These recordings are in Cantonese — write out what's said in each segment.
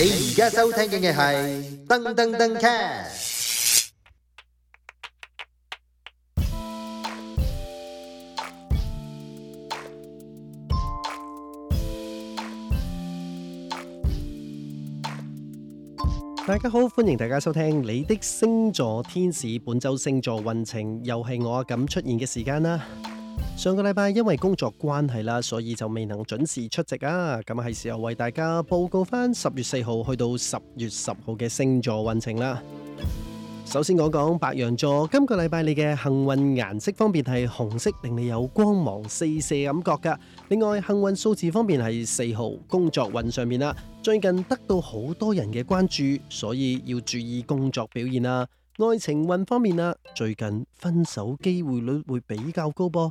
你而家收聽嘅係《燈登登 cast》。大家好，歡迎大家收聽你的星座天使本周星座運程，又係我阿感出現嘅時間啦。上個禮拜因為工作關係啦，所以就未能準時出席啊。咁啊，係時候為大家報告翻十月四號去到十月十號嘅星座運程啦。首先講講白羊座，今個禮拜你嘅幸運顏色方面係紅色，令你有光芒四射感覺噶。另外幸運數字方面係四號，工作運上面啦，最近得到好多人嘅關注，所以要注意工作表現啦。愛情運方面啦，最近分手機會率會比較高噃。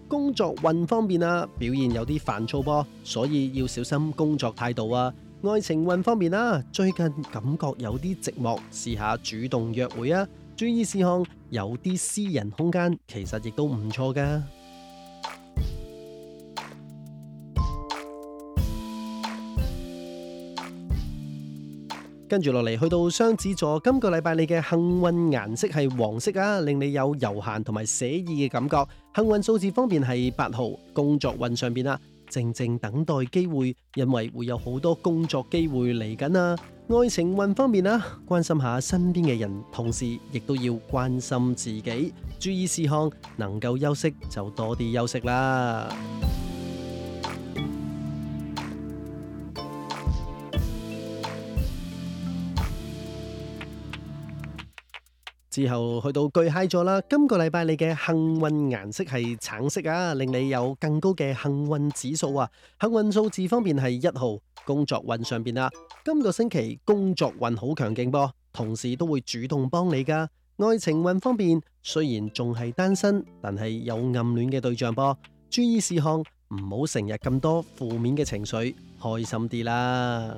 工作運方面啊，表現有啲煩躁噃、啊，所以要小心工作態度啊。愛情運方面啦、啊，最近感覺有啲寂寞，試下主動約會啊。注意事項，有啲私人空間，其實亦都唔錯噶。跟住落嚟，去到雙子座，今個禮拜你嘅幸運顏色係黃色啊，令你有悠閒同埋寫意嘅感覺。幸運數字方面係八號，工作運上邊、啊、啦，靜靜等待機會，因為會有好多工作機會嚟緊啊！愛情運方面啦、啊，關心下身邊嘅人，同時亦都要關心自己，注意事項，能夠休息就多啲休息啦。之後去到巨蟹座啦！今個禮拜你嘅幸運顏色係橙色啊，令你有更高嘅幸運指數啊！幸運數字方面係一號，工作運上邊啊。今個星期工作運好強勁噃，同事都會主動幫你噶。愛情運方面雖然仲係單身，但係有暗戀嘅對象噃、啊。注意事項，唔好成日咁多負面嘅情緒，開心啲啦。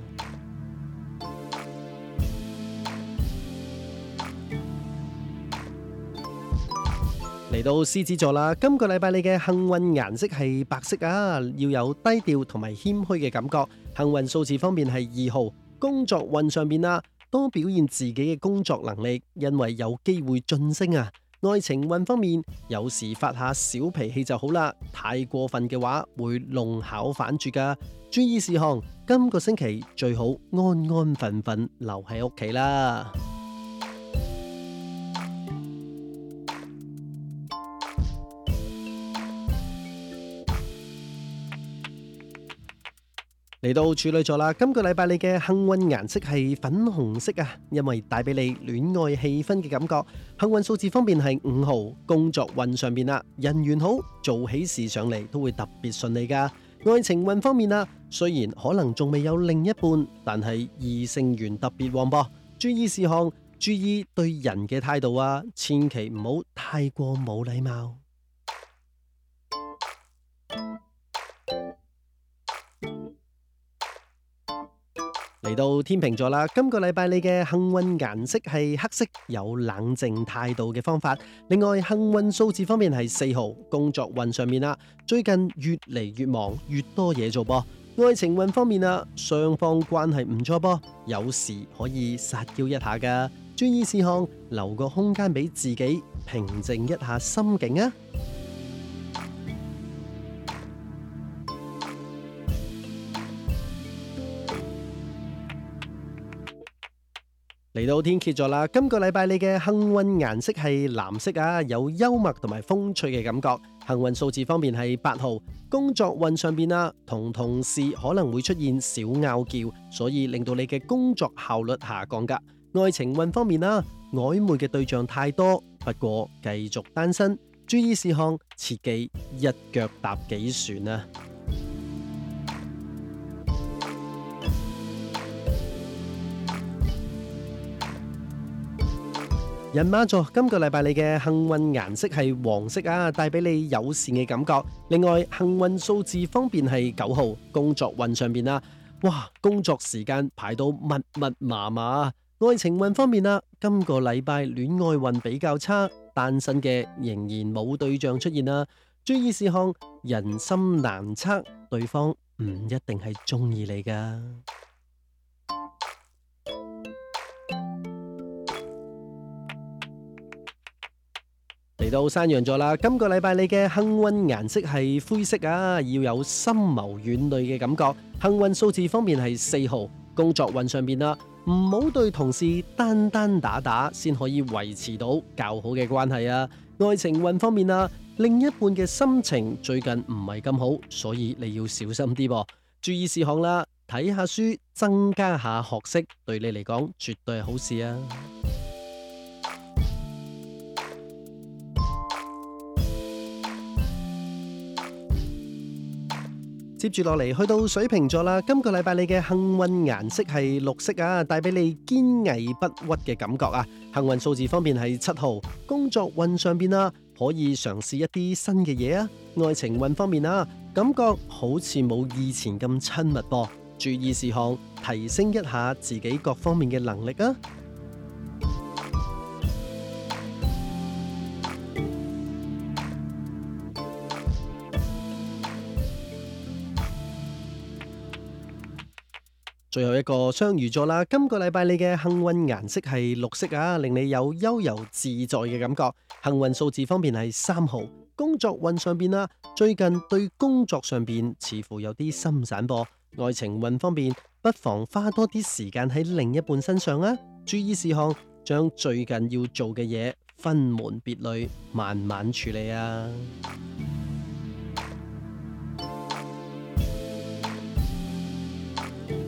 嚟到獅子座啦，今個禮拜你嘅幸運顏色係白色啊，要有低調同埋謙虛嘅感覺。幸運數字方面係二號，工作運上面啊，多表現自己嘅工作能力，因為有機會晉升啊。愛情運方面，有時發下小脾氣就好啦，太過分嘅話會弄巧反拙噶。注意事項，今個星期最好安安分分留喺屋企啦。嚟到處女座啦，今個禮拜你嘅幸運顏色係粉紅色啊，因為帶俾你戀愛氣氛嘅感覺。幸運數字方面係五號，工作運上邊啊，人緣好，做起事上嚟都會特別順利噶。愛情運方面啊，雖然可能仲未有另一半，但係異性緣特別旺噃。注意事項，注意對人嘅態度啊，千祈唔好太過冇禮貌。嚟到天秤座啦，今個禮拜你嘅幸運顏色係黑色，有冷靜態度嘅方法。另外幸運數字方面係四號，工作運上面啦，最近越嚟越忙，越多嘢做噃。愛情運方面啊，雙方關係唔錯噃。有時可以撒嬌一下噶。注意事項，留個空間俾自己，平靜一下心境啊。嚟到天蠍座啦，今個禮拜你嘅幸運顏色係藍色啊，有幽默同埋風趣嘅感覺。幸運數字方面係八號。工作運上邊啊，同同事可能會出現小拗撬，所以令到你嘅工作效率下降噶。愛情運方面啦，曖昧嘅對象太多，不過繼續單身。注意事項，切忌一腳踏幾船啊！人馬座，今個禮拜你嘅幸運顏色係黃色啊，帶俾你友善嘅感覺。另外，幸運數字方面係九號。工作運上邊啊，哇，工作時間排到密密麻麻啊。愛情運方面啊，今個禮拜戀愛運比較差，單身嘅仍然冇對象出現啊。注意事項，人心難測，對方唔一定係中意你噶。到山羊座啦，今個禮拜你嘅幸運顏色係灰色啊，要有深謀遠慮嘅感覺。幸運數字方面係四號，工作運上邊、啊、啦，唔好對同事單單打打，先可以維持到較好嘅關係啊。愛情運方面啊，另一半嘅心情最近唔係咁好，所以你要小心啲噃、啊，注意事項啦，睇下書增加下學識，對你嚟講絕對係好事啊。接住落嚟，去到水瓶座啦。今個禮拜你嘅幸運顏色係綠色啊，帶俾你堅毅不屈嘅感覺啊。幸運數字方面係七號，工作運上邊、啊、啦，可以嘗試一啲新嘅嘢啊。愛情運方面啊，感覺好似冇以前咁親密噃、啊，注意事項，提升一下自己各方面嘅能力啊。最後一個雙魚座啦，今個禮拜你嘅幸運顏色係綠色啊，令你有悠遊自在嘅感覺。幸運數字方面係三號，工作運上邊啦、啊，最近對工作上邊似乎有啲心散播。愛情運方面，不妨花多啲時間喺另一半身上啊。注意事項：將最近要做嘅嘢分門別類，慢慢處理啊。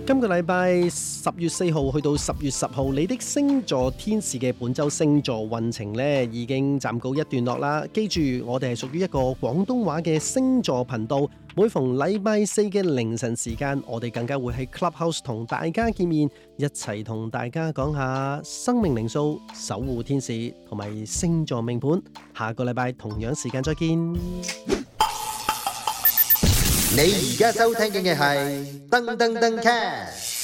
今個禮拜十月四號去到十月十號，你的星座天使嘅本周星座運程咧，已經暫告一段落啦。記住，我哋係屬於一個廣東話嘅星座頻道，每逢禮拜四嘅凌晨時間，我哋更加會喺 Clubhouse 同大家見面，一齊同大家講下生命靈數、守護天使同埋星座命盤。下個禮拜同樣時間再見。你而家收聽嘅係噔噔噔 cast。